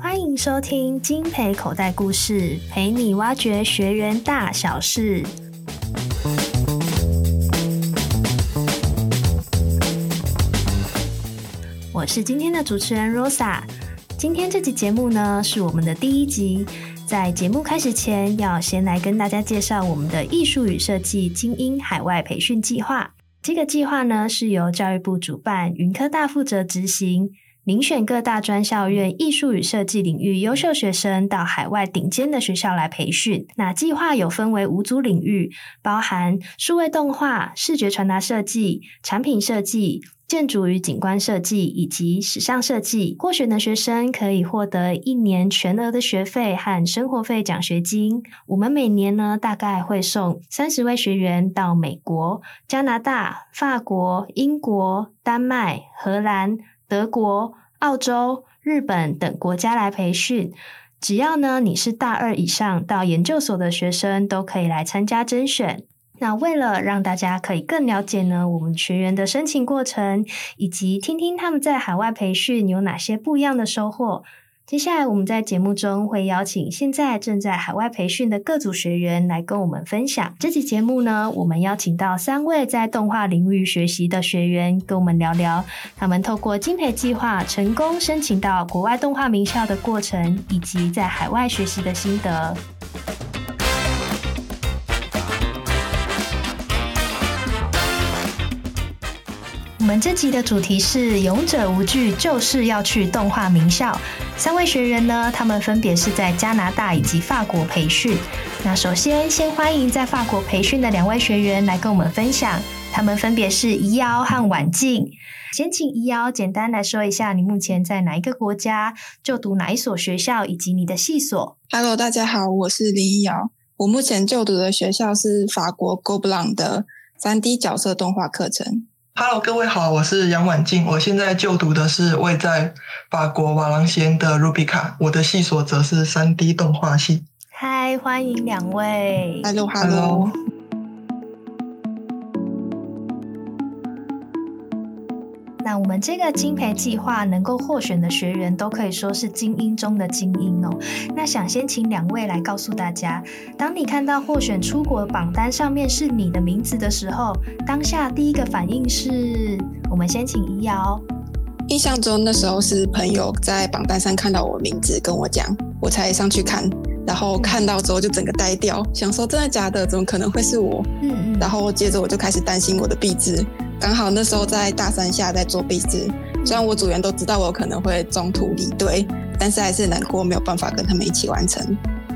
歡迎收聽《菁培口袋故事》，陪你挖掘學員大小事。我是今天的主持人 Rosa。今天這集節目呢，是我們的第一集。在節目開始前，要先來跟大家介紹我們的藝術與設計菁英海外培訓計劃。這個計劃呢，是由教育部主辦，雲科大負責執行，遴選各大專校院藝術與設計領域優秀學生到海外頂尖的學校來培訓。那計劃有分為五組領域，包含數位動畫、視覺傳達設計、產品設計。建築與景觀設計以及時尚設計，獲選的學生可以獲得一年全額的學費和生活費獎學金。我們每年呢，大概會送三十位學員到美國、加拿大、法國、英國、丹麥、荷蘭、德國、澳洲、日本等國家來培訓。只要呢，你是大二以上到研究所的學生，都可以來參加甄選。那為了讓大家可以更了解呢，我們學員的申請過程，以及聽聽他們在海外培訓有哪些不一樣的收穫。接下來我們在節目中會邀請現在正在海外培訓的各組學員來跟我們分享。這期節目呢，我們邀請到三位在動畫領域學習的學員，跟我們聊聊他們透過菁培計劃成功申請到國外動畫名校的過程，以及在海外學習的心得。我們這集的主題是“勇者無懼，就是要去動畫名校”。三位學員呢，他們分別是在加拿大以及法國培訓。那首先，先歡迎在法國培訓的兩位學員來跟我們分享。他們分別是宜瑤和宛靜。先請宜瑤簡單來說一下，你目前在哪一個國家就讀哪一所學校，以及你的系所。Hello，大家好，我是林宜瑤。我目前就讀的學校是法國 Gobelins 的三 D 角色動畫課程。Hello，各位好，我是楊宛靜，我現在就讀的是位在法國瓦朗謝恩的 Rubika，我的系所則是三 D 動畫系。嗨，歡迎兩位。Hello，Hello hello。Hello. 那我們這個精培計劃能夠獲選的學員都可以說是精英中的精英哦。那想先請兩位來告訴大家，當你看到獲選出國榜單上面是你的名字的時候，當下第一個反應是？我們先請宜瑤哦。印象中那時候是朋友在榜單上看到我名字，跟我講，我才上去看，然後看到之後就整個呆掉， 想說真的假的？怎麼可能會是我？嗯嗯。然後接着我就開始擔心我的畢製。剛好那時候在大三下在做畢業設計，雖然我組員都知道我可能會中途離隊，但是還是難過沒有辦法跟他們一起完成。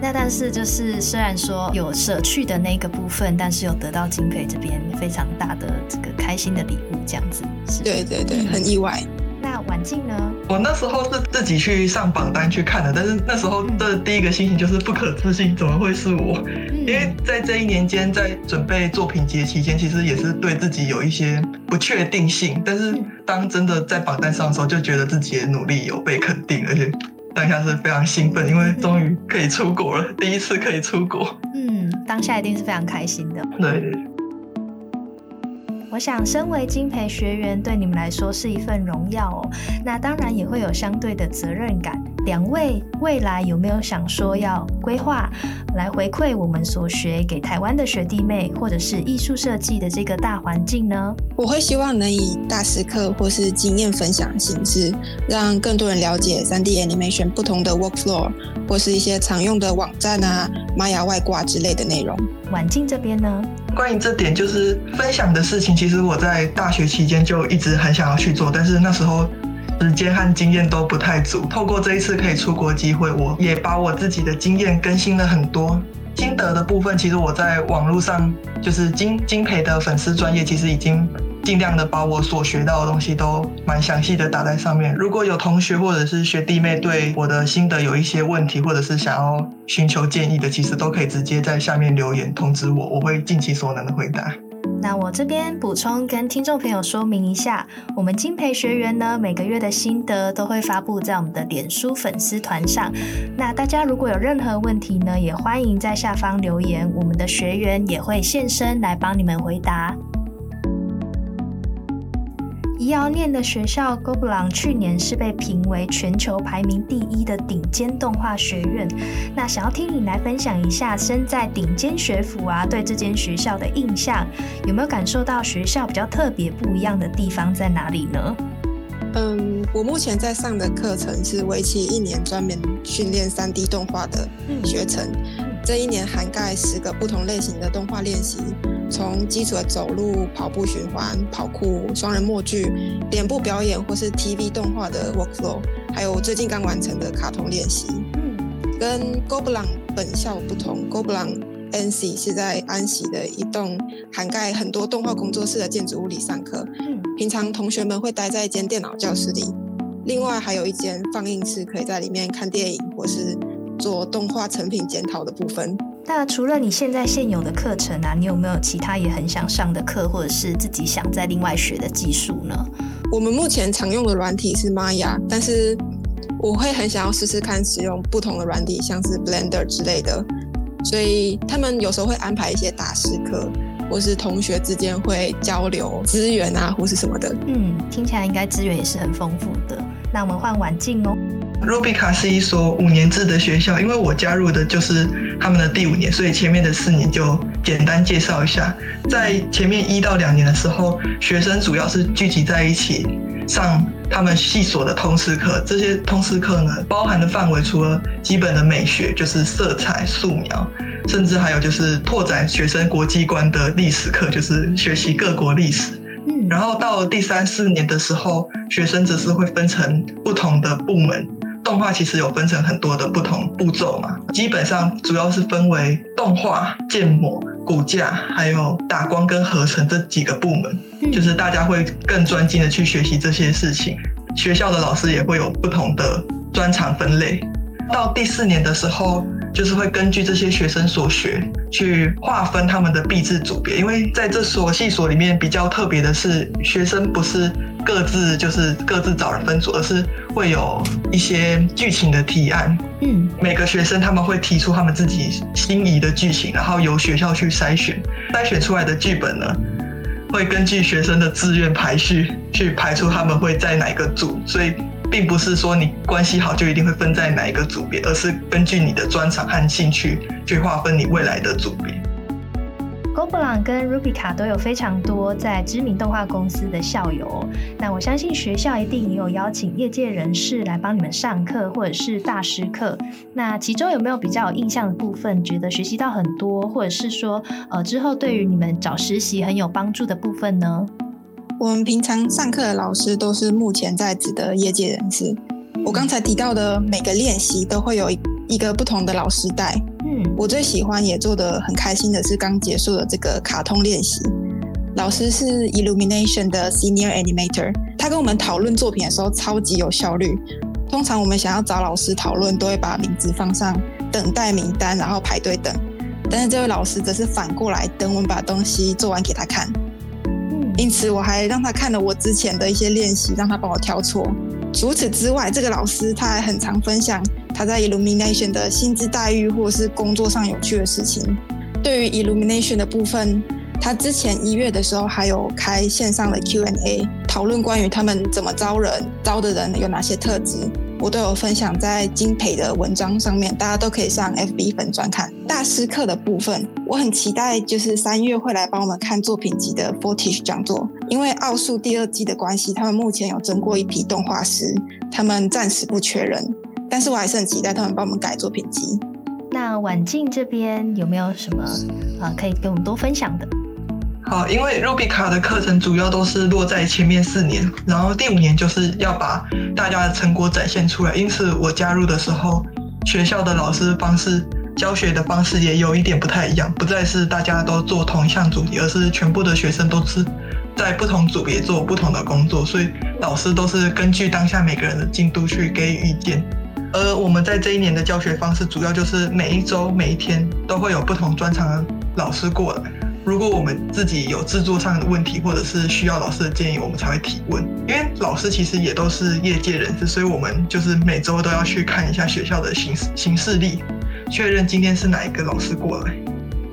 那但是就是雖然說有捨去的那一個部分，但是有得到菁培這邊非常大的這個開心的禮物，這樣子。是對對對，很意外。那宛靜呢？我那時候是自己去上榜單去看的，但是那時候的第一個心情就是不可置信，怎麼會是我？因為在這一年間，在準備作品集期間，其實也是對自己有一些不確定性。但是當真的在榜單上的時候，就覺得自己的努力有被肯定，而且當下是非常興奮，因為終於可以出國了，嗯、第一次可以出國。嗯，當下一定是非常開心的。對,對,對。我想，身為菁培學員，對你們來說是一份榮耀哦。那當然也會有相對的責任感。兩位未來有沒有想說要規劃來回饋我們所學給台灣的學弟妹，或者是藝術設計的這個大環境呢？我會希望能以大師課或是經驗分享的形式，讓更多人了解 3D animation 不同的 workflow 或是一些常用的網站啊、Maya 外掛之類的內容。宛靜這邊呢？關於這點，就是分享的事情，其實我在大學期間就一直很想要去做，但是那時候時間和經驗都不太足。透過這一次可以出國機會，我也把我自己的經驗更新了很多心得的部分。其實我在網絡上，就是菁菁培的粉絲專頁，其實已經。盡量的把我所學到的東西都蠻詳細的打在上面。如果有同學或者是學弟妹對我的心得有一些問題，或者是想要尋求建議的，其實都可以直接在下面留言通知我，我會盡其所能的回答。那我這邊補充跟聽眾朋友說明一下，我們菁培學員呢，每個月的心得都會發布在我們的臉書粉絲團上。那大家如果有任何問題呢，也歡迎在下方留言，我們的學員也會現身來幫你們回答。宜瑤唸的學校，哥布朗去年是被評為全球排名第一的頂尖動畫學院。那想要聽你來分享一下，身在頂尖學府啊，對這間學校的印象，有沒有感受到學校比較特別不一樣的地方在哪裡呢？嗯，我目前在上的課程是為期一年，專門訓練三 D 動畫的學程。嗯這一年涵蓋十個不同類型的動畫練習，從基礎的走路、跑步、循環、跑酷、雙人默劇、臉部表演，或是 TV 動畫的 workflow，還有最近剛完成的卡通練習。嗯，跟 Gobelins 本校不同 Gobelins NC 是在安錫的一棟涵蓋很多動畫工作室的建築物裡上課。嗯，平常同學們會待在一間電腦教室裡，另外還有一間放映室，可以在裡面看電影或是。做動畫成品檢討的部分。那除了你現在現有的課程啊，你有沒有其他也很想上的課，或者是自己想再另外學的技術呢？我們目前常用的軟體是 Maya，但是我會很想要試試看使用不同的軟體，像是 Blender 之類的。所以他們有時候會安排一些大師課，或是同學之間會交流資源啊，或是什麼的。嗯，聽起來應該資源也是很豐富的。那我們換宛靜哦。RUBIKA 是一所五年制的學校，因為我加入的就是他們的第五年，所以前面的四年就簡單介紹一下。在前面一到兩年的時候，學生主要是聚集在一起上他們系所的通識課，這些通識課呢，包含的範圍除了基本的美學，就是色彩、素描，甚至還有就是拓展學生國際觀的歷史課，就是學習各國歷史，嗯，然後到第三四年的時候，學生則是會分成不同的部門。動畫其實有分成很多的不同步驟嘛，基本上主要是分為動畫建模、骨架，還有打光跟合成這幾個部門，就是大家會更專心的去學習這些事情。學校的老師也會有不同的專長分類。到第四年的時候，就是會根據這些學生所學去劃分他們的畢製組別。因為在這所系所裡面比較特別的是，學生不是各自就是各自找人分組，而是會有一些劇情的提案。嗯，每個學生他們會提出他們自己心儀的劇情，然後由學校去篩選，篩選出來的劇本呢，會根據學生的志願排序去排出他們會在哪個組。所以。並不是說你關係好就一定會分在哪一個組別，而是根據你的專長和興趣去劃分你未來的組別。Gobelins 跟 RUBIKA 都有非常多在知名動畫公司的校友，那我相信學校一定也有邀請業界人士來幫你們上課或者是大師課。那其中有沒有比較有印象的部分，覺得學習到很多，或者是說呃之後對於你們找實習很有幫助的部分呢？我們平常上課的老師都是目前在職的業界人士。我剛才提到的每個練習都會有一,一個不同的老師帶。嗯，我最喜歡也做的很開心的是剛結束的這個卡通練習，老師是 Illumination 的 Senior Animator。他跟我們討論作品的時候超級有效率。通常我們想要找老師討論，都會把名字放上等待名單，然後排隊等。但是這位老師則是反過來等我們把東西做完給他看。因此，我還讓他看了我之前的一些練習，讓他幫我挑錯。除此之外，這個老師他還很常分享他在 Illumination 的薪資待遇或者是工作上有趣的事情。對於 Illumination 的部分，他之前一月的時候還有開線上的 Q&A，討論關於他們怎麼招人、招的人有哪些特質。我都有分享在菁培的文章上面，大家都可以上 FB 粉專看大師課的部分。我很期待，就是三月會來幫我們看作品集的 Fortiche 講座，因為奧術第二季的關係，他們目前有徵過一批動畫師，他們暫時不缺人，但是我還是很期待他們幫我們改作品集。那宛靜這邊有沒有什麼啊可以跟我們多分享的？好，因為 RUBIKA 的課程主要都是落在前面四年，然後第五年就是要把大家的成果展現出來。因此，我加入的時候，學校的老師方式、教學的方式也有一點不太一樣，不再是大家都做同一項主題，而是全部的學生都是在不同組別做不同的工作。所以，老師都是根據當下每個人的進度去給予意見。而我們在這一年的教學方式，主要就是每一周、每一天都會有不同專長的老師過來。如果我們自己有製作上的問題，或者是需要老師的建議，我們才會提問。因為老師其實也都是業界人士，所以我們就是每周都要去看一下學校的行事、行事曆，確認今天是哪一個老師過來。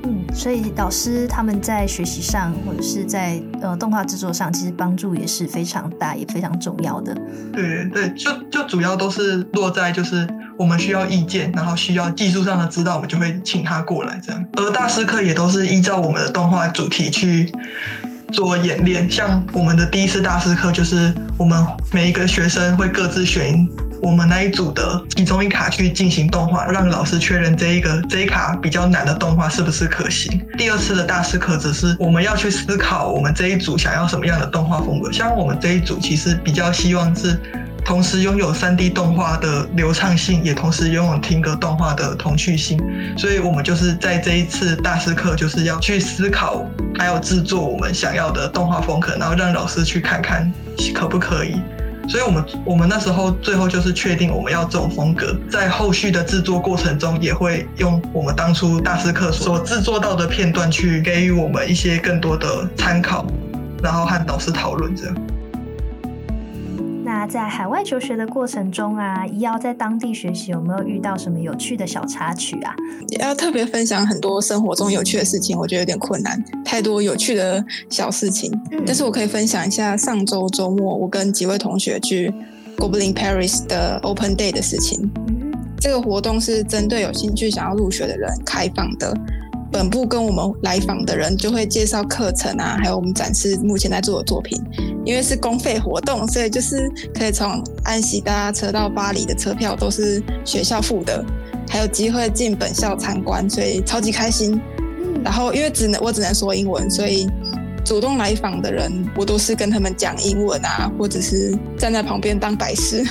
嗯，所以老師他們在學習上，或者是在呃動畫製作上，其實幫助也是非常大，也非常重要的。對對，就就主要都是落在就是。我們需要意見，然後需要技術上的指導，我們就會請他過來這樣。而大師課也都是依照我們的動畫主題去做演練。像我們的第一次大師課，就是我們每一個學生會各自選我們那一組的其中一卡去進行動畫，讓老師確認這一個這一卡比較難的動畫是不是可行。第二次的大師課，只是我們要去思考我們這一組想要什麼樣的動畫風格。像我們這一組，其實比較希望是。同時擁有 3D 動畫的流暢性，也同時擁有聽歌動畫的童趣性，所以我們就是在這一次大師課，就是要去思考，還有制作我們想要的動畫風格，然後讓老師去看看可不可以。所以我們我們那時候最後就是確定我們要這種風格，在後續的制作過程中，也會用我們當初大師課所制作到的片段去給予我們一些更多的參考，然後和導師討論這樣。在海外求學的過程中啊，要在當地學習有沒有遇到什麼有趣的小插曲啊？也要特別分享很多生活中有趣的事情，我覺得有點困難，太多有趣的小事情。嗯、但是我可以分享一下上周周末，我跟幾位同學去 Gobelins Paris 的 Open Day 的事情。嗯、這個活動是針對有興趣想要入學的人開放的。本部跟我們來訪的人就會介紹課程啊，還有我們展示目前在做的作品。因為是公費活動，所以就是可以從安錫搭車到巴黎的車票都是學校付的，還有機會進本校參觀，所以超級開心。然後因為只能我只能說英文，所以主動來訪的人我都是跟他們講英文啊，或者是站在旁邊當白痴。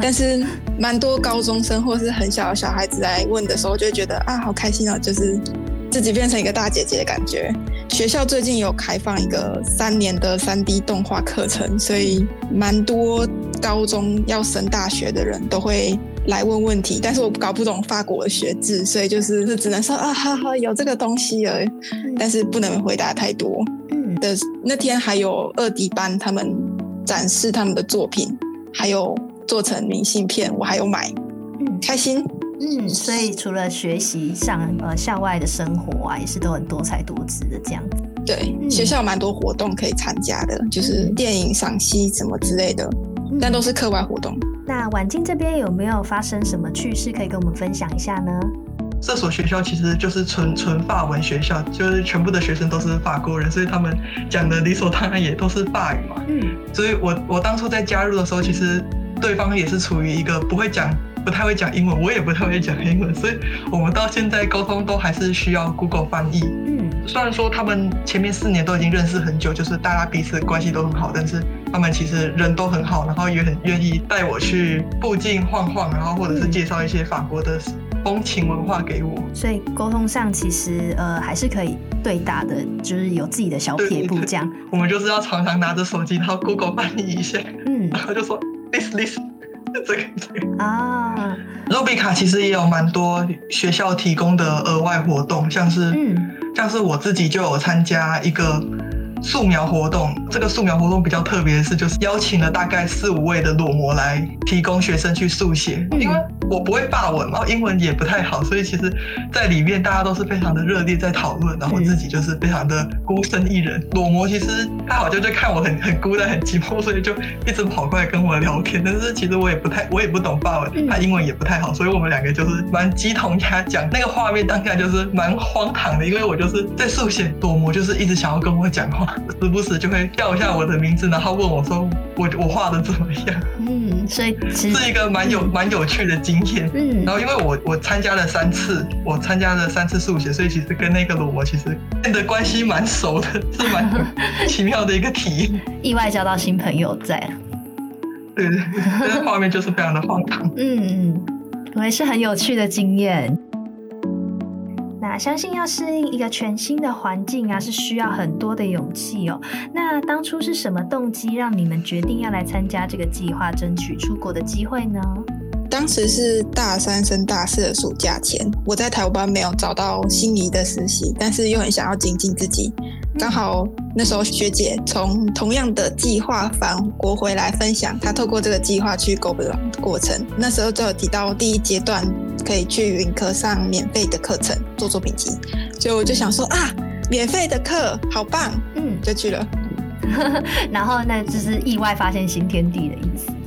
但是蠻多高中生或是很小的小孩子來問的時候，就會覺得啊，好開心啊、喔，就是。自己變成一個大姐姐的感覺。學校最近有開放一個三年的 3D 動畫課程，所以蠻多高中要升大學的人都會來問問題。但是我搞不懂法國的學制，所以就是只能說啊哈哈有這個東西而已，但是不能回答太多。的、嗯、那天還有二 D 班他們展示他們的作品，還有做成明信片，我還有買，開心。嗯，所以除了學習上，呃，校外的生活啊，也是都很多才多姿的這樣子。對，嗯、學校有蠻多活動可以參加的，嗯、就是電影賞析什麼之類的，嗯、但都是課外活動。嗯、那宛靜這邊有沒有發生什麼趣事可以跟我們分享一下呢？這所學校其實就是純純法文學校，就是全部的學生都是法國人，所以他們講的理所當然也都是法語嘛。嗯。所以我我當初在加入的時候，其實對方也是處於一個不會講。不太會講英文，我也不太會講英文，所以我們到現在溝通都還是需要 Google 翻譯。嗯，雖然說他們前面四年都已經認識很久，就是大家彼此關係都很好，但是他們其實人都很好，然後也很願意帶我去附近晃晃，然後或者是介紹一些法國的風情文化給我。所以溝通上其實呃還是可以對打的，就是有自己的小撇步。這樣，我們就是要常常拿着手機，然後 Google 翻譯一下，嗯，然後就說 this this。Listen, listen 這個、這個、啊，露比卡其實也有蠻多學校提供的額外活動，像是，嗯、像是我自己就有參加一個素描活動。這個素描活動比較特別的是，就是邀請了大概四五位的裸模來提供學生去速寫，因為、嗯啊。嗯我不會法文嘛，然後英文也不太好，所以其實，在裡面大家都是非常的熱烈在討論，然後自己就是非常的孤身一人。對裸模其實他好像就看我很很孤單很寂寞，所以就一直跑過來跟我聊天。但是其實我也不太我也不懂法文，嗯、他英文也不太好，所以我們兩個就是蠻雞同鴨講。那個畫面當下就是蠻荒唐的，因為我就是在速寫裸模，就是一直想要跟我講話，時不時就會叫一下我的名字，然後問我說我我畫的怎麼樣？嗯，所以是一個蠻有蠻有趣的經。嗯嗯，然後因為我我參加了三次，我參加了三次數學，所以其實跟那個羅其實變得關係蠻熟的，是蠻奇妙的一個體驗。 意外交到新朋友在，在，對，那畫面就是非常的荒唐。嗯 嗯，我也是很有趣的經驗。那相信要適應一個全新的環境啊，是需要很多的勇氣哦。那當初是什麼動機讓你們決定要來參加這個計劃，爭取出國的機會呢？當時是大三升大四的暑假前，我在台灣沒有找到心儀的實習，但是又很想要精進自己。剛好那時候學姐從同樣的計劃返國回來分享，她透過這個計劃去 Gobelins 的過程。那時候就有提到第一階段可以去雲科上免費的課程做作品集，所以我就想說啊，免費的課好棒，嗯，就去了。 然後呢就是意外發現新天地的意思。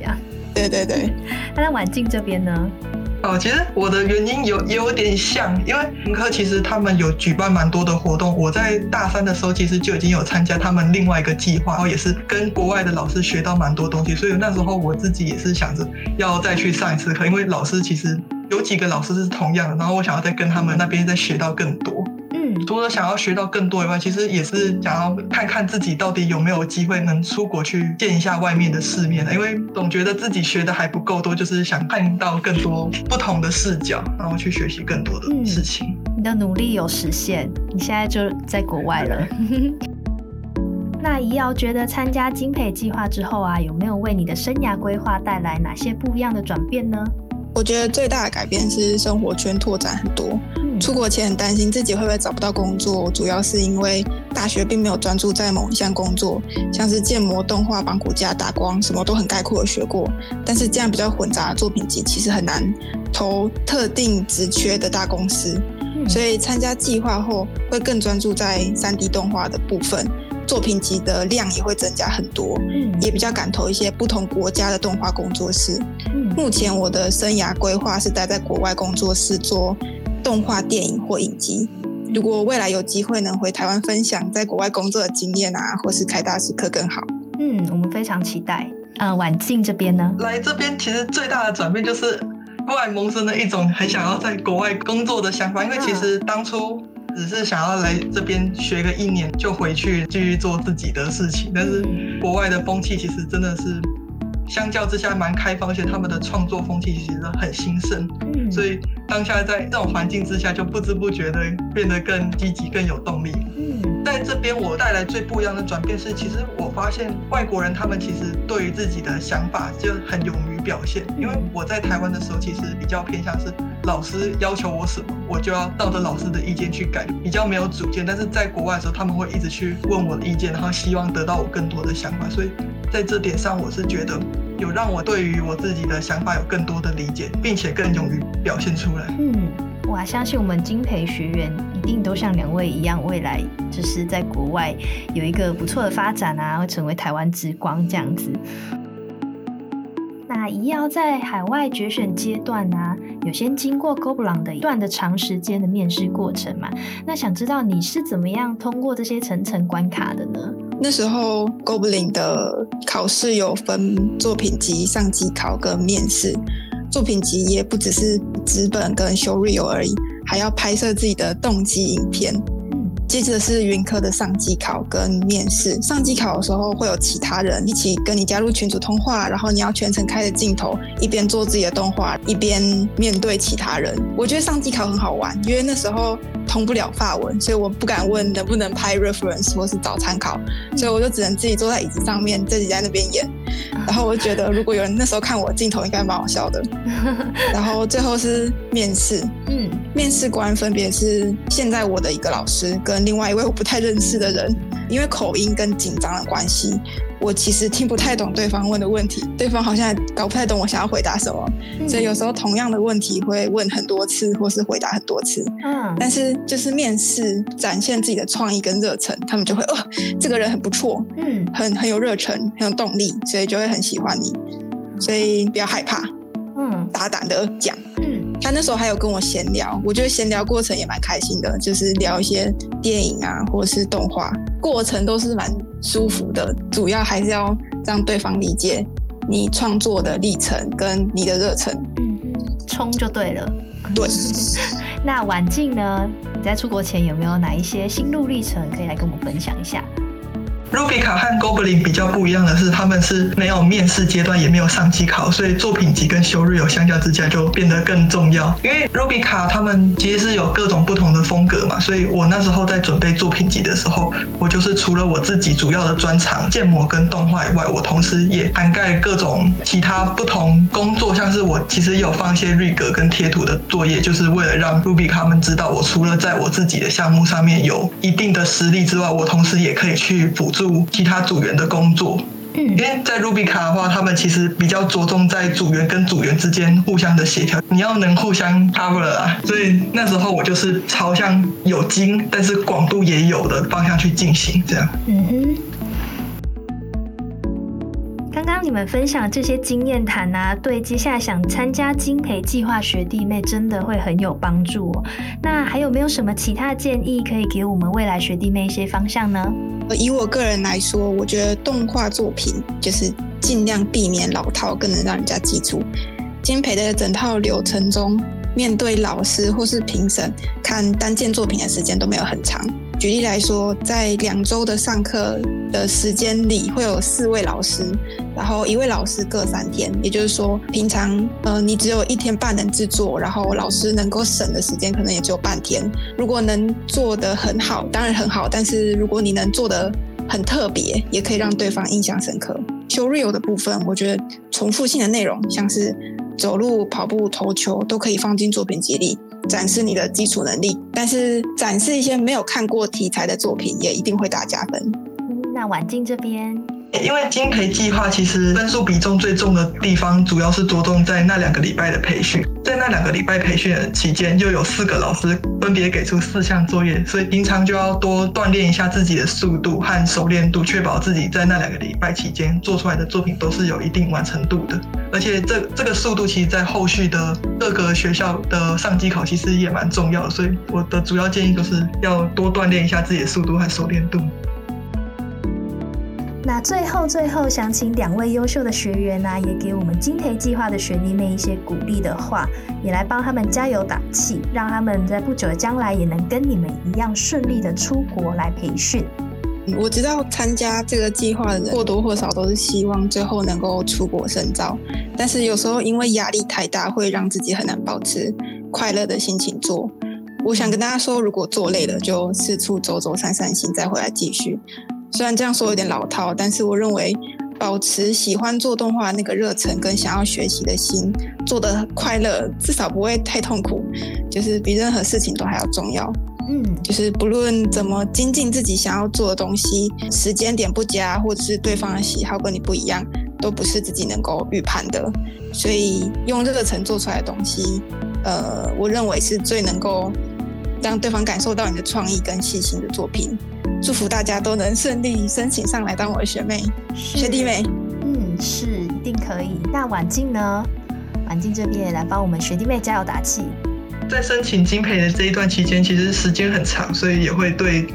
對對對，那在宛靜這邊呢？哦，其實我的原因有也有點像，因為文科其實他們有舉辦蠻多的活動。我在大三的時候，其實就已經有參加他們另外一個計劃，然後也是跟國外的老師學到蠻多東西。所以那時候我自己也是想着要再去上一次課，因為老師其實有幾個老師是同樣的，然後我想要再跟他們那邊再學到更多。除了想要學到更多以外，其實也是想要看看自己到底有沒有機會能出國去見一下外面的世面。因為總覺得自己學的還不夠多，就是想看到更多不同的視角，然後去學習更多的事情。嗯，你的努力有實現，你現在就在國外了。那宜瑤覺得參加菁培計畫之後啊，有沒有為你的生涯規劃帶來哪些不一樣的轉變呢？我覺得最大的改變是生活圈拓展很多。出國前很擔心自己會不會找不到工作，主要是因為大學並沒有專注在某一項工作，像是建模、動畫、綁骨架、打光什麼都很概括的學過，但是這樣比較混雜的作品集其實很難投特定職缺的大公司，所以參加計劃後會更專注在 3D 動畫的部分，作品集的量也會增加很多，也比較敢投一些不同國家的動畫工作室。目前我的生涯規劃是待在國外工作室做。動畫電影或影集。如果未來有機會能回台灣分享在國外工作的經驗啊，或是開大時刻更好。嗯，我們非常期待。呃，宛靜這邊呢？來這邊其實最大的轉變就是，後來萌生的一種很想要在國外工作的想法。嗯，因為其實當初只是想要來這邊學個一年就回去繼續做自己的事情，但是國外的風氣其實真的是。相較之下，蠻開放，而且他們的創作風氣其實很興盛，嗯、所以當下在這種環境之下，就不知不覺的變得更積極、更有動力。嗯在這邊，我帶來最不一樣的轉變是，其實我發現外國人他們其實對於自己的想法就很勇於表現。因為我在台灣的時候，其實比較偏向是老師要求我什麼，我就要照着老師的意見去改，比較沒有主見。但是在國外的時候，他們會一直去問我的意見，然後希望得到我更多的想法。所以在這點上，我是覺得有讓我對於我自己的想法有更多的理解，並且更勇於表現出來。嗯。我相信，我們菁培學員一定都像兩位一樣，未來就是在國外有一個不錯的發展啊，會成為台灣之光這樣子。那宜瑤，在海外決選階段啊，有先經過 Gobelins 的一段的長時間的面試過程嘛？那想知道你是怎麼樣通過這些層層關卡的呢？那時候 Gobelins 的考試有分作品集、上機考跟面試，作品集也不只是。紙本跟 showreel 而已，還要拍攝自己的動機影片。接着是雲科的上機考跟面試。上機考的時候會有其他人一起跟你加入群組通話，然後你要全程開着鏡頭，一邊做自己的動畫，一邊面對其他人。我覺得上機考很好玩，因為那時候。通不了法文，所以我不敢問能不能拍 reference 或是找參考，所以我就只能自己坐在椅子上面，自己在那邊演。然後我就覺得如果有人那時候看我鏡頭，應該蠻好笑的。然後最後是面試，嗯，面試官分別是現在我的一個老師跟另外一位我不太認識的人，因為口音跟緊張的關係。我其實聽不太懂對方問的問題，對方好像搞不太懂我想要回答什麼，嗯、所以有時候同樣的問題會問很多次，或是回答很多次。嗯、啊，但是就是面試展現自己的創意跟熱忱，他們就會哦，這個人很不錯，嗯，很很有熱忱，很有動力，所以就會很喜歡你。所以不要害怕，嗯，大膽的講。嗯，他那時候還有跟我閒聊，我覺得閒聊過程也蠻開心的，就是聊一些電影啊，或是動畫，過程都是蠻。舒服的，主要還是要讓對方理解你創作的歷程跟你的熱忱，嗯，衝就對了，對。 那婉靜呢？你在出國前有沒有哪一些心路歷程可以來跟我們分享一下？RUBIKA 和 Gobelins 比較不一樣的是，他們是沒有面試階段，也沒有上機考，所以作品集跟 showreel 相較之下就變得更重要。因為 RUBIKA 他們其實是有各種不同的風格嘛，所以我那時候在準備作品集的時候，我就是除了我自己主要的專長建模跟動畫以外，我同時也涵蓋各種其他不同工作，像是我其實有放一些 rig 跟貼圖的作業，就是為了讓 RUBIKA 他們知道，我除了在我自己的項目上面有一定的實力之外，我同時也可以去補充。其他組員的工作，嗯，因為在 RUBIKA 的話，他們其實比較着重在組員跟組員之間互相的協調，你要能互相 cover 啊。所以那時候我就是朝向有精但是廣度也有的方向去進行，這樣。嗯哼你們分享這些經驗談啊，對接下來想參加菁培計劃學弟妹真的會很有幫助哦、喔。那還有沒有什麼其他的建議可以給我們未來學弟妹一些方向呢？以我個人來說，我覺得動畫作品就是盡量避免老套，更能讓人家記住。菁培的整套流程中，面對老師或是評審，看單件作品的時間都沒有很長。舉例來說，在兩周的上課的時間裡，會有四位老師，然後一位老師各三天。也就是說，平常，嗯、呃，你只有一天半能製作，然後老師能夠省的時間可能也只有半天。如果能做得很好，當然很好，但是如果你能做得很特別，也可以讓對方印象深刻。Show Reel 的部分，我覺得重複性的內容，像是走路、跑步、投球都可以放進作品集裡展示你的基礎能力，但是展示一些沒有看過題材的作品也一定會大加分。嗯、那宛靜這邊。因為菁培計劃其實分數比重最重的地方，主要是着重在那兩個禮拜的培訓。在那兩個禮拜培訓的期間，就有四個老師分別給出四項作業，所以平常就要多鍛鍊一下自己的速度和熟練度，確保自己在那兩個禮拜期間做出來的作品都是有一定完成度的。而且這這個速度，其實，在後續的各個學校的上機考，其實也蠻重要的。所以我的主要建議就是要多鍛鍊一下自己的速度和熟練度。那最後最後，想請兩位優秀的學員呢、啊，也給我們菁培計畫的學弟妹一些鼓勵的話，也來幫他們加油打氣，讓他們在不久的將來也能跟你們一樣順利的出國來培訓、嗯。我知道參加這個計劃的人或多或少都是希望最後能夠出國深造，但是有時候因為壓力太大，會讓自己很難保持快樂的心情做。我想跟大家說，如果做累了，就四處走走散散心，再回來繼續。雖然這樣說有點老套，但是我認為保持喜歡做動畫那個熱忱跟想要學習的心，做得快樂至少不會太痛苦，就是比任何事情都還要重要。嗯，就是不論怎麼精進自己想要做的東西，時間點不佳或者是對方的喜好跟你不一樣，都不是自己能夠預判的。所以用熱忱做出來的東西，呃，我認為是最能夠讓對方感受到你的創意跟細心的作品。祝福大家都能順利申請上來當我的學妹、是學弟妹。嗯，是一定可以。那宛靜呢？宛靜這邊也來幫我們學弟妹加油打氣。在申請菁培的這一段期間，其實時間很長，所以也會對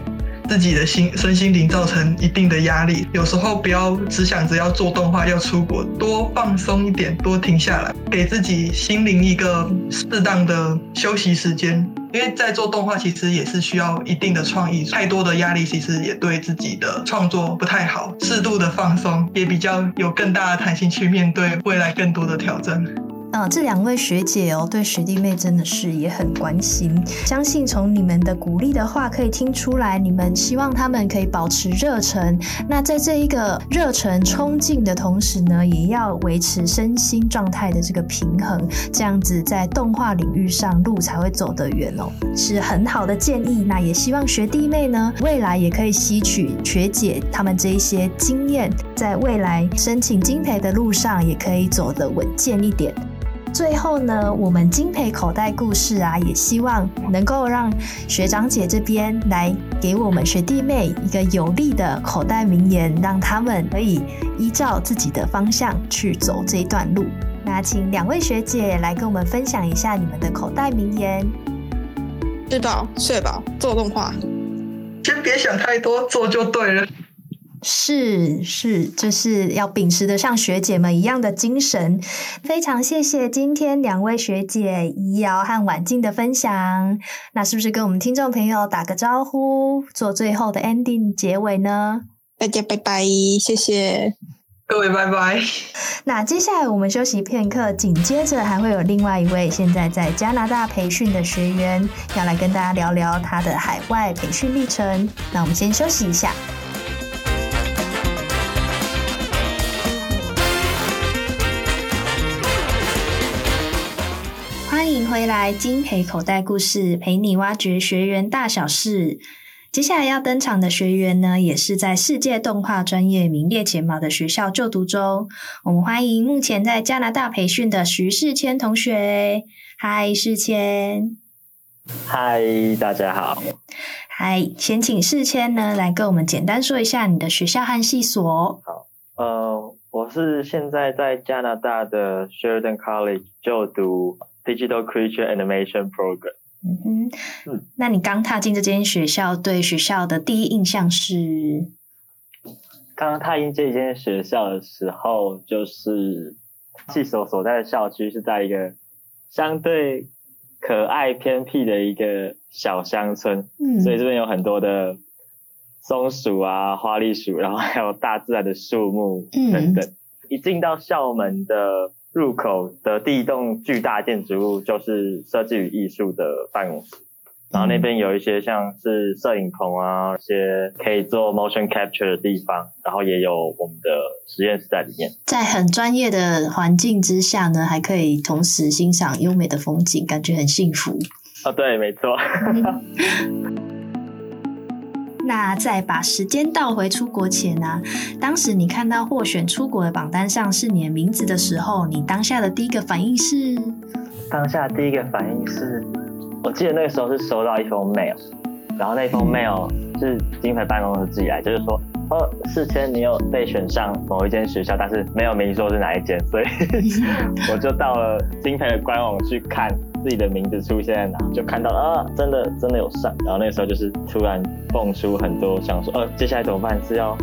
自己的心、身心靈造成一定的壓力。有時候不要只想着要做動畫、要出國，多放鬆一點，多停下來，給自己心靈一個適當的休息時間。因為在做動畫，其實也是需要一定的創意，太多的壓力其實也對自己的創作不太好。適度的放鬆，也比較有更大的彈性去面對未來更多的挑戰。嗯、哦，這兩位學姐哦，對學弟妹真的是也很關心。相信從你們的鼓勵的話，可以聽出來，你們希望他們可以保持熱忱。那在這一個熱忱衝勁的同時呢，也要維持身心狀態的這個平衡，這樣子在動畫領域上路才會走得遠哦，是很好的建議。那也希望學弟妹呢，未來也可以吸取學姐他們這一些經驗，在未來申請菁培的路上，也可以走得穩健一點。最後呢，我們菁培口袋故事啊，也希望能夠讓學長姐這邊來給我們學弟妹一個有力的口袋名言，讓他們可以依照自己的方向去走這一段路。那請兩位學姐來跟我們分享一下你們的口袋名言。知道，睡吧，做動畫，先別想太多，做就對了。是是，就是要秉持的像學姐們一樣的精神。非常謝謝今天兩位學姐宜瑤和宛靜的分享。那是不是跟我們聽眾朋友打個招呼，做最後的 ending 結尾呢？大家拜拜，謝謝各位拜拜。那接下來我們休息片刻，緊接着還會有另外一位現在在加拿大培訓的學員要來跟大家聊聊他的海外培訓歷程。那我們先休息一下。回來，菁培口袋故事陪你挖掘學員大小事。接下來要登場的學員呢，也是在世界動畫專業名列前茅的學校就讀中。我們歡迎目前在加拿大培訓的徐世謙同學。嗨，世謙。嗨，大家好。嗨，先請世謙呢來跟我們簡單說一下你的學校和系所。好，呃，我是現在在加拿大的 Sheridan College 就讀。Digital Creature Animation Program。嗯哼，嗯，是，那你剛踏進這間學校，對學校的第一印象是？剛剛踏進這間學校的時候，就是系所所在的校區是在一個相對可愛偏僻的一個小鄉村，嗯，所以這邊有很多的松鼠啊、花栗鼠，然後還有大自然的樹木等等。嗯，一進到校門的，入口的第一棟巨大建築物就是設計與藝術的辦公室，然後那邊有一些像是攝影棚啊，一些可以做 motion capture 的地方，然後也有我們的實驗室在裡面。在很專業的環境之下呢，還可以同時欣賞優美的風景，感覺很幸福。啊，對，沒錯。 那再把時間倒回出國前呢，啊，當時你看到獲選出國的榜單上是你的名字的時候，你當下的第一個反應是？當下的第一個反應是，我記得那個時候是收到一封 mail，然後那封 mail，嗯。菁培辦公室自己來，就是說，哦，事先你有被選上某一間學校，但是沒有明說是哪一間，所以 我就到了菁培的官網去看自己的名字出現在哪，就看到了，啊，真的真的有上，然後那時候就是突然蹦出很多想說，哦、啊，接下來怎麼辦？是要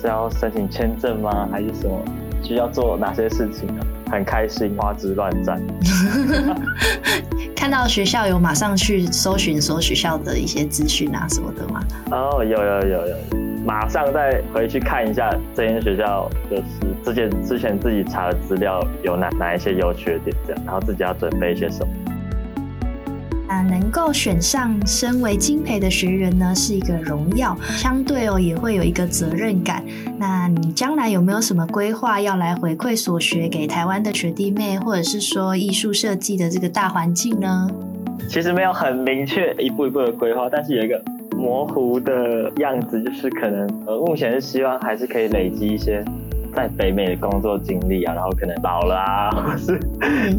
是要申請簽證嗎？還是什麼？需要做哪些事情呢？很開心，花枝亂顫 看到學校有馬上去搜尋所學校的一些資訊啊什麼的嗎？哦，oh, 有有有有，馬上再回去看一下這間學校，就是之前之前自己查的資料有哪哪一些優缺點，這樣，然後自己要準備一些什麼。那能夠選上身為菁培的學員呢，是一個榮耀，相對哦也會有一個責任感。那你將來有沒有什麼規劃要來回饋所學給台灣的學弟妹，或者是說藝術設計的這個大環境呢？其實沒有很明確一步一步的規劃，但是有一個模糊的樣子，就是可能呃目前是希望還是可以累積一些。在北美的工作經歷啊，然後可能老了啊，或者是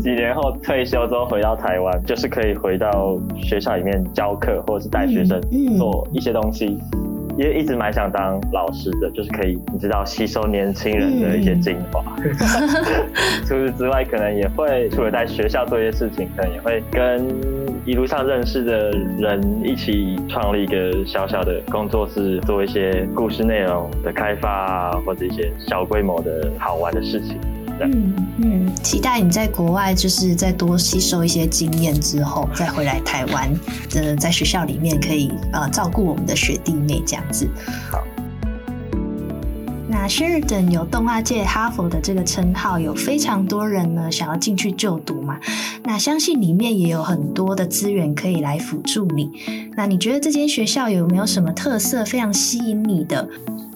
幾年後退休之後回到台灣，就是可以回到學校裡面教課，或者是帶學生做一些東西。嗯嗯也一直蠻想當老師的，就是可以你知道吸收年輕人的一些精華。嗯、 除此之外，可能也會除了在學校做一些事情，可能也會跟一路上認識的人一起創立一個小小的工作室，做一些故事內容的開發，或者一些小規模的好玩的事情。嗯嗯，期待你在國外就是再多吸收一些經驗之後，再回來台灣，呃，在學校裡面可以呃照顧我們的學弟妹這樣子。好，那 Sheridan 有動畫界哈佛的這個稱號，有非常多人呢想要進去就讀嘛？那相信裡面也有很多的資源可以來輔助你。那你覺得這間學校有沒有什麼特色，非常吸引你的？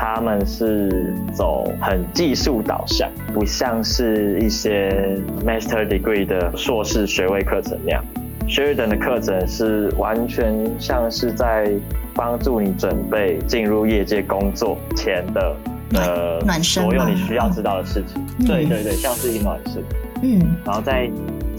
他們是走很技術導向，不像是一些 master degree 的碩士學位課程那樣。Sheridan 的課程是完全像是在幫助你準備進入業界工作前的呃，所有你需要知道的事情。啊嗯、對對對，像是一個暖身。嗯，然後再。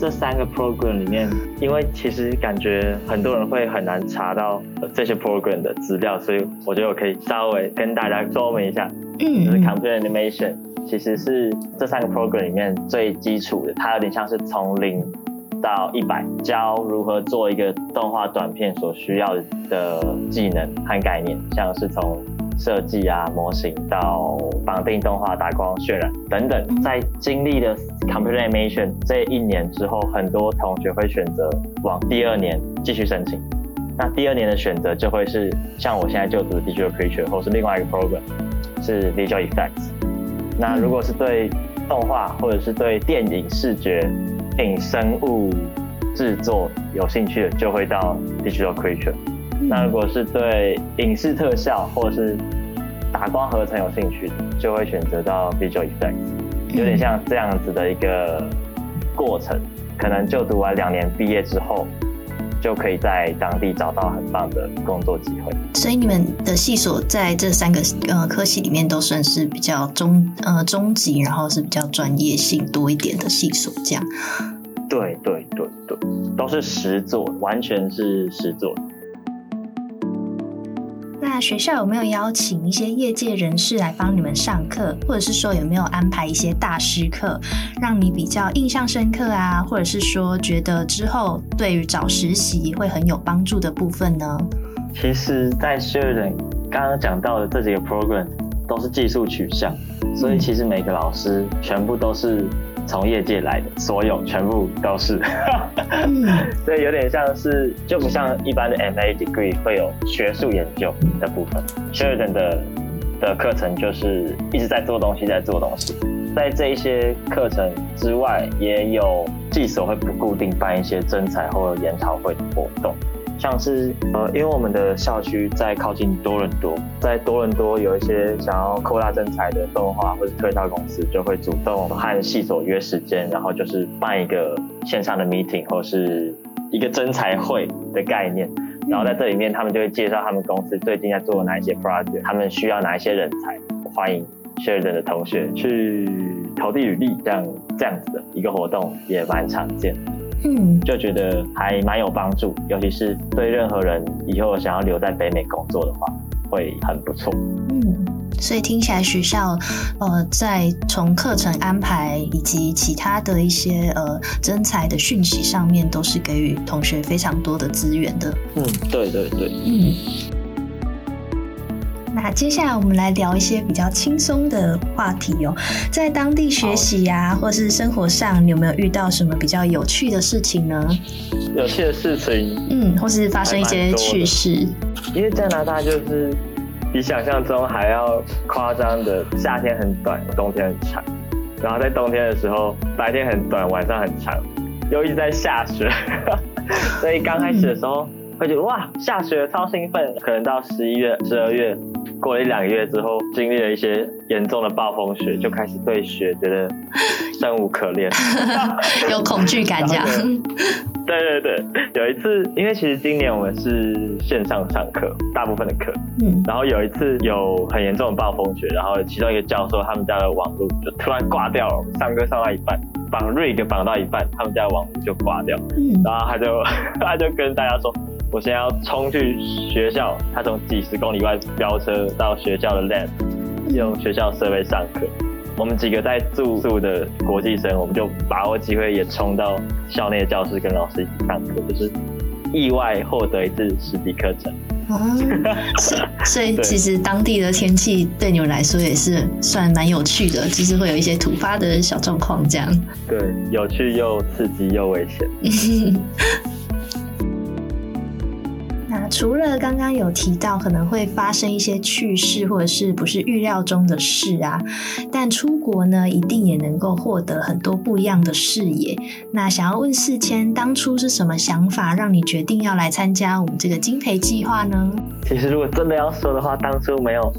這三個 program 裡面，因為其實感覺很多人會很難查到、呃、這些 program 的資料，所以我覺得我可以稍微跟大家說明一下。嗯，就是 computer animation 其實是這三個 program 裡面最基礎的，它有點像是從零到一百教如何做一個動畫短片所需要的技能和概念，像是從，設計啊，模型、到綁定動畫、打光、渲染等等，在經歷了 Computer Animation 這一年之後，很多同學會選擇往第二年繼續申請。那第二年的選擇就會是像我現在就讀的 Digital Creature，或是另外一個 program 是 Visual Effects。那如果是對動畫或者是對電影視覺、電影生物製作有興趣的，就會到 Digital Creature。那如果是對影視特效或是打光合成有興趣就會選擇到 visual effects 有點像這樣子的一個過程。可能就讀完兩年畢業之後，就可以在當地找到很棒的工作機會。嗯，所以你們的系所在這三個呃科系裡面都算是比較中呃中級，然後是比較專業性多一點的系所，這樣。對對對對，都是實作，完全是實作。那學校有沒有邀請一些業界人士來幫你們上課，或者是說有沒有安排一些大師課，讓你比較印象深刻啊？或者是說覺得之後對於找實習會很有幫助的部分呢？其實，在 Sheridan 剛剛講到的這幾個 program 都是技術取向，所以其實每個老師全部都是。從業界來的，所有全部都是、嗯， 所以有點像是就不像一般的 MA degree 會有學術研究的部分。Sheridan 的的課程就是一直在做東西，在做東西。在這一些課程之外，也有技所會不固定辦一些徵才或研討會的活動。像是呃，因為我們的校區在靠近多倫多，在多倫多有一些想要擴大徵才的動畫或者特效公司，就會主動和系所約時間，然後就是辦一個線上的 meeting，或是一個徵才會的概念，然後在這裡面他們就會介紹他們公司最近在做哪一些 project，他們需要哪一些人才，歡迎 Sheridan 的同學去投遞履歷，這樣這樣子的一個活動也蠻常見的。嗯，就覺得還蠻有幫助，尤其是對任何人以後想要留在北美工作的話，會很不錯。嗯，所以聽起來學校，呃，在從課程安排以及其他的一些呃徵才的訊息上面，都是給予同學非常多的資源的。嗯，對對對。嗯。那接下來我們來聊一些比較輕鬆的話題哦、喔，在當地學習呀、啊，好或是生活上，你有沒有遇到什麼比較有趣的事情呢？有趣的事情，嗯，或是發生一些趣事。因為加拿大就是比想象中還要誇張的，夏天很短，冬天很長。然後在冬天的時候，白天很短，晚上很長，又一直在下雪， 所以剛開始的時候、嗯、會覺得哇，下雪超興奮。可能到十一月、十二月。過了一兩個月之後，經歷了一些嚴重的暴風雪，就開始對雪覺得生無可戀， 有恐懼感，這樣 。對對對，有一次，因為其實今年我們是線上上課，大部分的課。嗯。然後有一次有很嚴重的暴風雪，然後其中一個教授他們家的網絡就突然掛掉了，上課、嗯、上到一半，綁 rig 給綁到一半，他們家的網絡就掛掉。嗯。然後他就他就跟大家說。我先要衝去學校，他從幾十公里外飆車到學校的 lab，用學校設備上課。我們幾個在住宿的國際生，我們就把握機會也衝到校內的教室跟老師一起上課，就是意外獲得一次實體課程。啊所，所以其實當地的天氣對你們來說也是算蠻有趣的，就是會有一些突發的小狀況這樣。對，有趣又刺激又危險。 除了剛剛有提到可能會發生一些趣事，或者是不是預料中的事啊，但出國呢，一定也能夠獲得很多不一樣的視野。那想要問世謙，當初是什麼想法，讓你決定要來參加我們這個菁培計劃呢？其實如果真的要說的話，當初沒有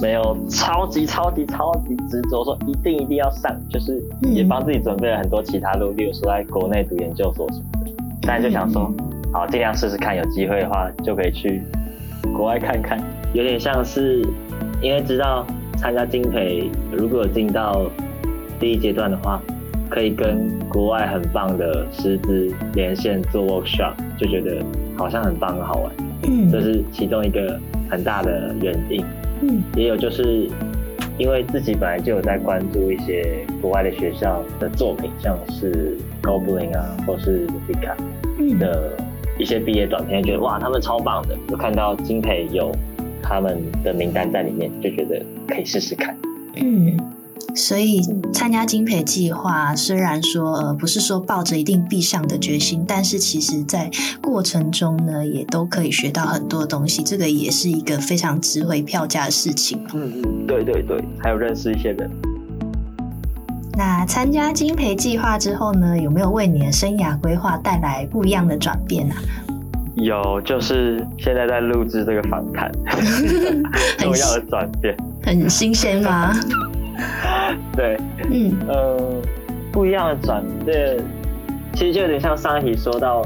沒有超級超級超級執着，說一定一定要上，就是也幫自己準備了很多其他路，嗯、例如說在國內讀研究所什麼的。但就想說。好，盡量試試看，有機會的話就可以去國外看看。有點像是因為知道參加菁培，如果進到第一階段的話，可以跟國外很棒的師資連線做 workshop，就覺得好像很棒，很好玩。嗯，這是其中一個很大的原因。嗯，也有就是因為自己本來就有在關注一些國外的學校的作品，像是 Gobelins 啊，或是 RUBIKA 的。一些畢業短片，覺得哇，他們超棒的。有看到菁培有他們的名單在裡面，就覺得可以試試看。嗯，所以參加菁培計劃，雖然說呃，不是說抱着一定必上的決心，但是其實在過程中呢，也都可以學到很多東西。這個也是一個非常值回票價的事情吧。嗯嗯，對對對，還有認識一些人。那參加菁培計畫之後呢，有沒有為你的生涯規劃帶來不一樣的轉變呢、啊？有，就是現在在錄製這個訪談，重要 新的轉變，很新鮮嗎？ 對，嗯，嗯、呃，不一樣的轉變，其實就有點像上一題說到，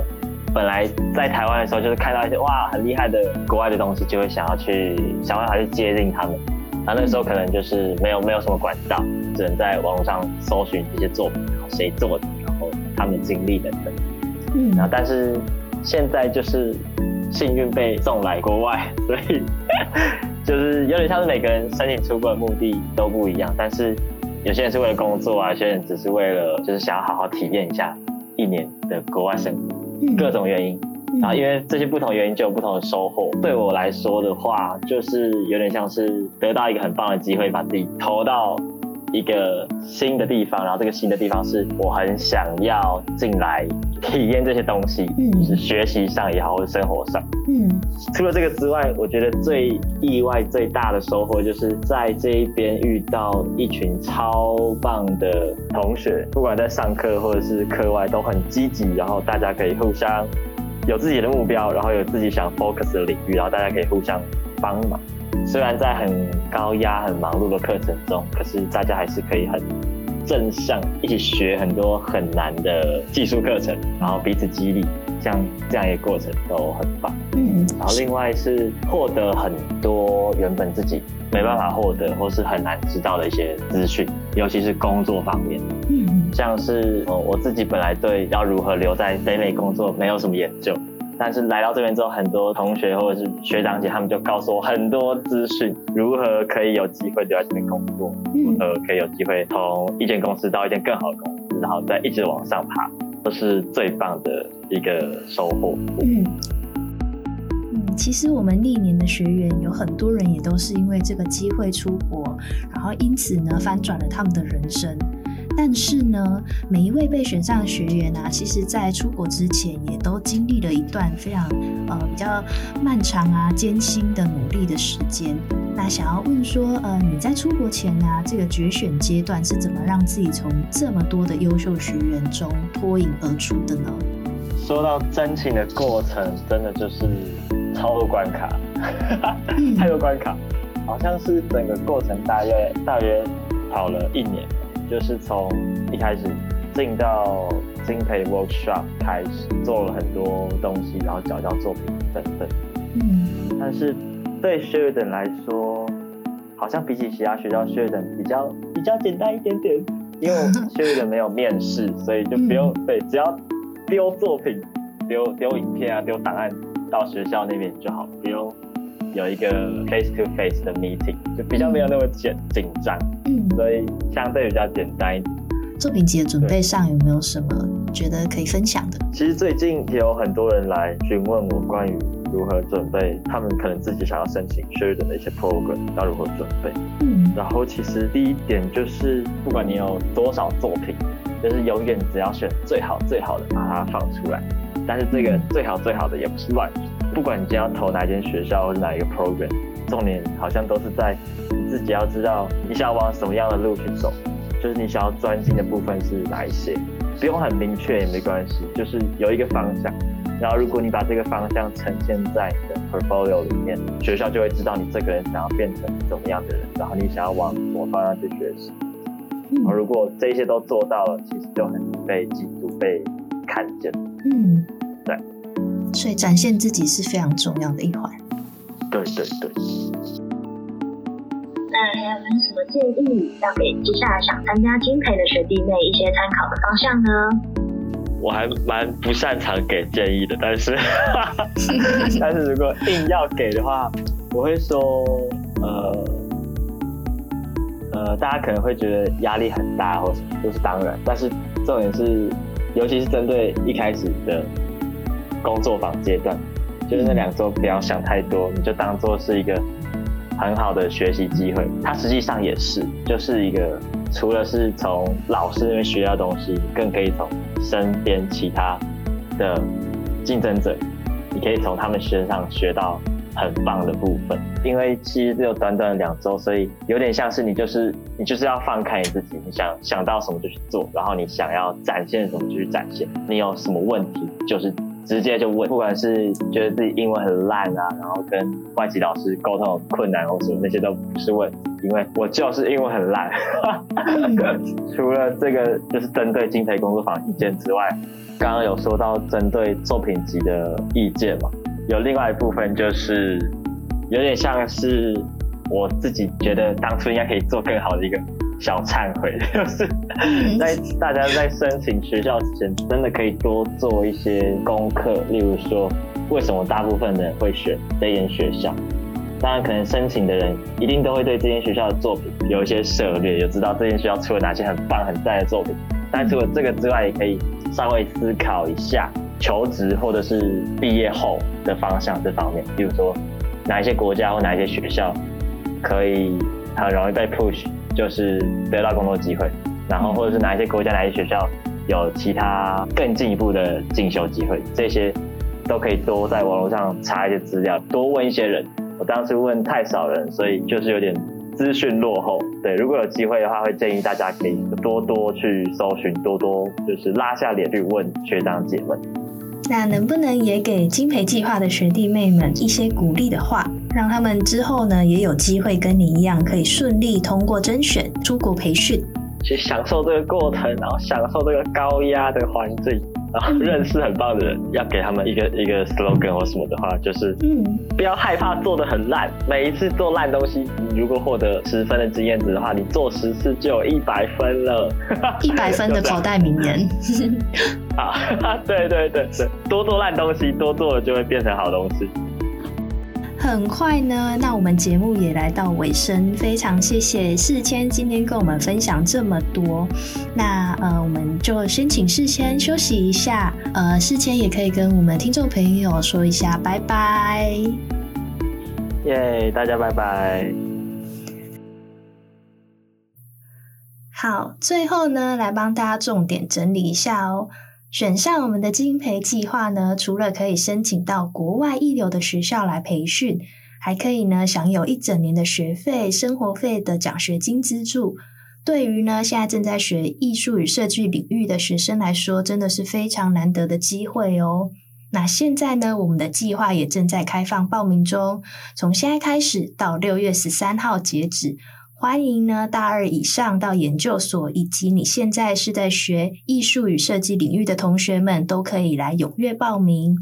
本來在台灣的時候，就是看到一些哇很厲害的國外的東西，就會想要去想辦法去接近他們，然後那那時候可能就是沒有沒有什麼管道。只能在網絡上搜尋這些作品，然後誰做的，然後他們經歷等等。嗯，然後但是現在就是幸運被送來國外，所以 就是有點像是每個人申請出國的目的都不一樣。但是有些人是為了工作啊，有些人只是為了就是想要好好體驗一下一年的國外生活，嗯、各種原因。嗯、然後因為這些不同原因就有不同的收穫。對我來說的話，就是有點像是得到一個很棒的機會，把自己投到，一個新的地方，然後這個新的地方是我很想要進來體驗這些東西，嗯，就是學習上也好，或者生活上，嗯。除了這個之外，我覺得最意外、最大的收穫就是在這一邊遇到一群超棒的同學，不管在上課或者是課外都很積極，然後大家可以互相有自己的目標，然後有自己想 focus 的領域，然後大家可以互相幫忙。雖然在很高壓、很忙碌的課程中，可是大家還是可以很正向一起學很多很難的技術課程，然後彼此激勵，像這樣一個過程都很棒。嗯。然後另外是獲得很多原本自己沒辦法獲得或是很難知道的一些資訊，尤其是工作方面。嗯。像是我自己本來對要如何留在北美工作沒有什麼研究。但是來到這邊之後，很多同學或者是學長姐，他們就告訴我很多資訊，如何可以有機會留在這邊工作，嗯、如何可以有機會從一間公司到一間更好的公司，然後再一直往上爬，都、就是最棒的一個收穫。嗯。嗯，其實我們歷年的學員有很多人也都是因為這個機會出國，然後因此呢翻轉了他們的人生。但是呢，每一位被選上的學員呢、啊，其實在出國之前也都經歷了一段非常呃比較漫長啊艱辛的努力的時間。那想要問說，呃，你在出國前呢、啊，這個決選階段是怎麼讓自己從這麼多的優秀學員中脫穎而出的呢？說到真情的過程，真的就是超多關卡， 太多關卡，好像是整個過程大約大約跑了一年。就是從一開始進到菁培 Workshop 開始做了很多東西，然後找一找作品等等。對對對。嗯，但是對 Sheridan 來說，好像比起其他學校，Sheridan 比較比較簡單一點點，因為 Sheridan 沒有面試，所以就不用對，只要丟作品，丟丟影片啊，丟檔案到學校那邊就好，不用。有一個 face to face 的 meeting 就比較沒有那麼緊緊張，嗯，所以相對比較簡單一點。嗯、對作品集的準備上有沒有什麼覺得可以分享的？其實最近也有很多人來詢問我關於如何準備，他們可能自己想要申請學術的一些 program 要如何準備。嗯，然後其實第一點就是不管你有多少作品，就是永遠只要選最好最好的把它放出來，但是這個最好最好的也不是亂。不管你今天要投哪間學校或是哪一個 program，重點好像都是在你自己要知道你想要往什麼樣的路去走，就是你想要專心的部分是哪一些，不用很明確也沒關係，就是有一個方向。然後如果你把這個方向呈現在你的 portfolio 裡面，學校就會知道你這個人想要變成怎麼樣的人，然後你想要往什麼方向去學習。然後如果這些都做到了，其實就很容易被記住，度被看見。嗯。所以展現自己是非常重要的一環。對對對。那還有沒有什麼建議要給接下來想參加菁培的學弟妹一些參考的方向呢？我還蠻不擅長給建議的，但是， 但是如果硬要給的話，我會說，呃，呃，大家可能會覺得壓力很大，或是就是當然。但是重點是，尤其是針對一開始的。工作坊階段，就是那兩周，不要想太多，你就當做是一個很好的學習機會。它實際上也是，就是一個除了是從老師那邊學到的東西，更可以從身邊其他的競爭者，你可以從他們身上學到很棒的部分。因為其實只有短短的兩周，所以有點像是你就是你就是要放開你自己，你想想到什麼就去做，然後你想要展現什麼就去展現，你有什麼問題就是。直接就問，不管是覺得自己英文很爛啊，然後跟外籍老師溝通有困難，或者那些都不是問題，因為我就是英文很爛。 嗯、除了這個，就是針對菁培工作坊意見之外，剛剛有說到針對作品集的意見嘛，有另外一部分就是有點像是我自己覺得當初應該可以做更好的一個。小懺悔就是在 Okay. 大家在申請學校之前，真的可以多做一些功課。例如說，為什麼大部分的人會選這間學校？當然，可能申請的人一定都會對這間學校的作品有一些涉獵，有知道這間學校出了哪些很棒、很讚的作品。但除了這個之外，也可以稍微思考一下求職或者是畢業後的方向這方面。例如說，哪一些國家或哪一些學校可以很容易被 push，就是得到工作機會，然後或者是哪一些國家、哪一些學校有其他更進一步的進修機會，這些都可以多在網絡上查一些資料，多問一些人。我當時問太少人，所以就是有點資訊落後。對，如果有機會的話，會建議大家可以多多去搜尋，多多就是拉下臉去問學長姐們。那能不能也給菁培計劃的學弟妹們一些鼓勵的話？讓他們之後呢，也有機會跟你一樣，可以順利通過甄選出國培訓，去享受這個過程，喔，然後享受這個高壓的環境，然後認識很棒的人。嗯、要給他們一個一個 slogan 或什麼的話，就是不要害怕做的很爛。嗯、每一次做爛東西，你如果獲得十分的經驗值的話，你做十次就有一百分了。一 百分的口袋名言。啊， 對，對對對，對多做爛東西，多做了就會變成好東西。很快呢，那我們節目也來到尾聲，非常謝謝世謙今天跟我們分享這麼多。那呃，我們就先請世謙休息一下，呃，世謙也可以跟我們聽眾朋友說一下拜拜。耶，yeah, 大家拜拜。好，最後呢，來幫大家重點整理一下哦、喔。選上我們的菁培計劃呢，除了可以申請到國外一流的學校來培訓，還可以呢享有一整年的學費、生活費的獎學金資助。對於呢現在正在學藝術與設計領域的學生來說，真的是非常難得的機會哦。那現在呢，我們的計劃也正在開放報名中，從現在開始到六月十三號截止。歡迎呢，大二以上到研究所，以及你現在是在學藝術與設計領域的同學們，都可以來踴躍報名。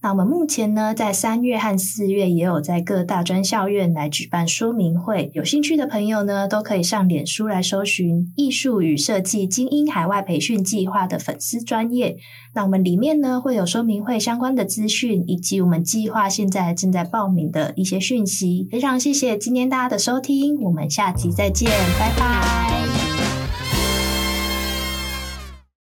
那我們目前呢，在三月和四月也有在各大專校院來舉辦說明會，有興趣的朋友呢，都可以上臉書來搜尋“藝術與設計菁英海外培訓計劃”的粉絲專頁。那我們裡面呢，會有說明會相關的資訊，以及我們計劃現在正在報名的一些訊息。非常謝謝今天大家的收聽，我們下集再見，拜拜。